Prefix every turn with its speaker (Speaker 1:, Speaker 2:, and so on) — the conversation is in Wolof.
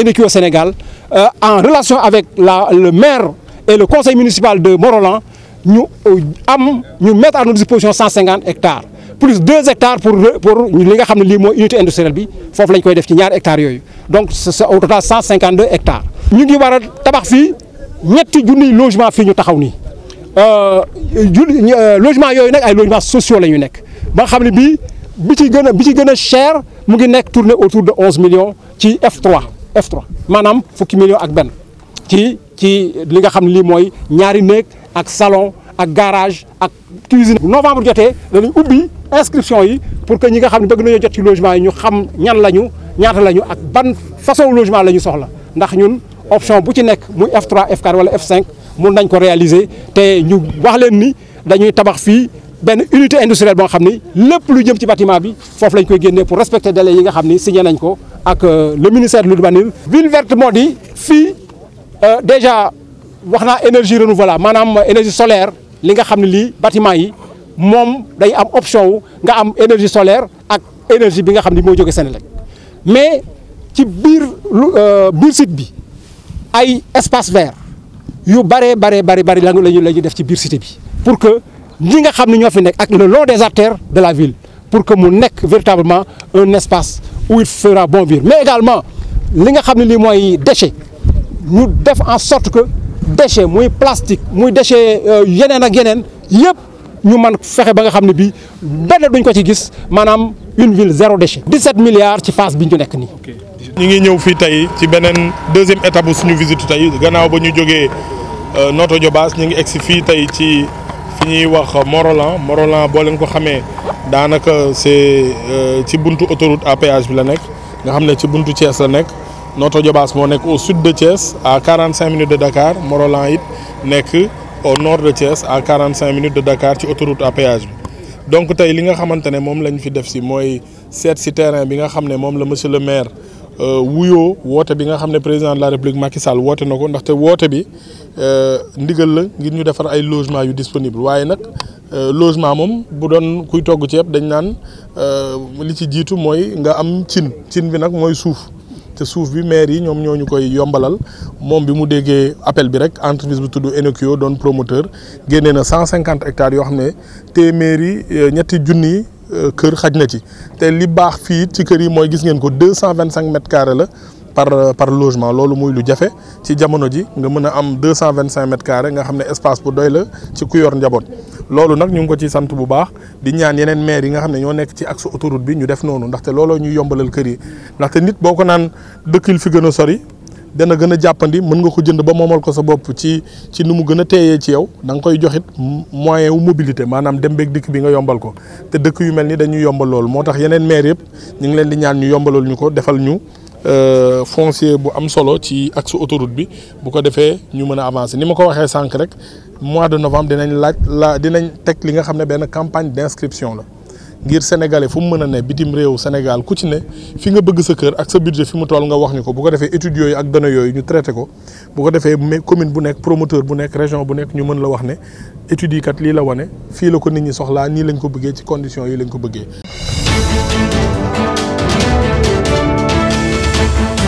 Speaker 1: évécués au Sénégal, euh, en relation avec la, le maire et le conseil municipal de Morolan, nous, euh, am, nous mettons à notre disposition 150 hectares. plus 2 hectares pour pour li nga xam ne lii unité industrielle bi foofu lañ koy def ci ñaari hectares yooyu donc c'est au total 152 hectares. ñu ngi war a tabax fii ñetti junniy logement fii ñu taxaw nii euh, euh, logement yooyu nak ay logements sociaux lañu ñu nekk ba xamni bi bi ci gëna bi ci gëna cher mu ngi nekk tourné autour de 11 millions ci F3. F3 Manam, fukki million ak ben. ci ci li nga xam ne lii ñaari ak salon ak garage ak cuisine. bu novembre jotee danañ ubi inscription yi pour que ñi nga xam ne bëgg nañoo jot ci logement yi ñu xam ñan lañu ñaata lañu ak ban façon logement la ñu soxla ndax ñun option bu ci nekk muy F3 F4 wala F5 mun nañ ko réaliser te ñu wax leen ni dañuy tabax fii. benn unité industrielle boo xam ni lu jëm ci bâtiment bi faut lañ koy génnee pour respecter délai yi nga xam signé nañ ko ak euh, le ministère de l'urbanisme ville verte Modi, si euh, déjà wax naa énergie renouvelable madame énergie solaire li nga xam ne bâtiment yi moom day am option wu nga am énergie solaire ak énergie bi nga xamni mo moo jóge Senelec mais ci euh bir site bi ay espace vert yu bare bare bari bari la ñu la def ci bir cité bi pour que ñi nga xamni ne fi ak le long des artères de la ville pour que mu nek véritablement un espace où il fera bon vivre mais également li nga xam ne lii déchet en sorte que déchet les plastique les déchets euh, yeneen ak ñu que nga avons une ville zéro déchet. 17 milliards ci phase bi ñu venus
Speaker 2: ici ngi deuxième étape suñu visite Nous gannaaw ba ñu notre Nous sommes ngi ci fi ñuy wax Morolan Morolan danaka c'est euh, ci buntu autoroute à péage bi la nga ci buntu Thiès au sud de Thiès à 45 minutes de Dakar Morolan au nord de Thiès à 45 minutes de Dakar ci autoroute à péage donc tay li nga ne lañ fi def de moy terrain bi monsieur le maire le euh, wote bi nga président de la république Makissal, euh, disponible Euh, losement moom bu doon kuy togg ceeb dañ naan euh, li ci jiitu mooy nga am cin cin bi nag mooy suuf te suuf bi maire yi ñoom ñoo ñu koy yombalal moom bi mu déggee appel bi rek entreprise bu tudd Enekio doon promoteur génnee na cent cinquante hectares yoo xam ne téeméeri euh, ñetti junni kër xaj na ci te li baax fii ci kër yi mooy gis ngeen ko deux cent vingt cinq mètres la. par par logement lolou muy lu jafé ci jamono ji nga mëna am 225 cent vingt mètres carrés nga xamné espace pour doy la ci ku yor njaboot loolu nag ñu ngi ko ci sant bu baax di ñaan yenen maire yi nga xamné ne ñoo nekk ci axe autoroute bi ñu def nonu ndax té lolou ñu yombalal kër yi ndax té nit boko naan dëkkil fi gëna sori dana gëna jappandi jàppandi mën nga ko jënd ba moomal ko sa bop ci ci numu gëna téyé ci yow dang koy joxit moyen wu mobilité manam dem beeg dikk bi nga yombal ko té dëkk yu melni dañu yombal loolu motax yenen maire yëpp ñu ngi leen di ñaan ñu yombalal ñuko ko defal ñu euh, foncier bu am solo ci axe autoroute bi bu ko defé ñu mëna avancer ni ma ko waxee sànq rek mois de novembre dinañ laaj la dinañ tek li nga xamné ben campagne d'inscription la ngir sénégalais fu mu mën a bitim réew Sénégal ku ci né fi nga bëgg sa kër ak sa budget fi mu toll nga wax ñu ko bu ko defee étude yooyu ak dana yoy ñu traité ko bu ko defee commune bu nekk promoteur bu nekk région bu nekk ñu mëna la wax né étude kat li la wone fi la ko nit ñi soxla ni lañ ko bëggé ci condition yi lañ ko bëggee. Thank you.